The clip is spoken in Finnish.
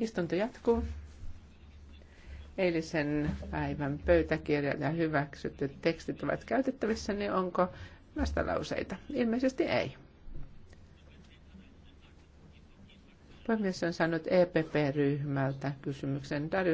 Istunto jatkuu. Eilisen päivän pöytäkirjat ja hyväksytyt tekstit ovat käytettävissä, niin onko vastalauseita? Ilmeisesti ei. Puhemies on saanut EPP-ryhmältä kysymyksen. Darius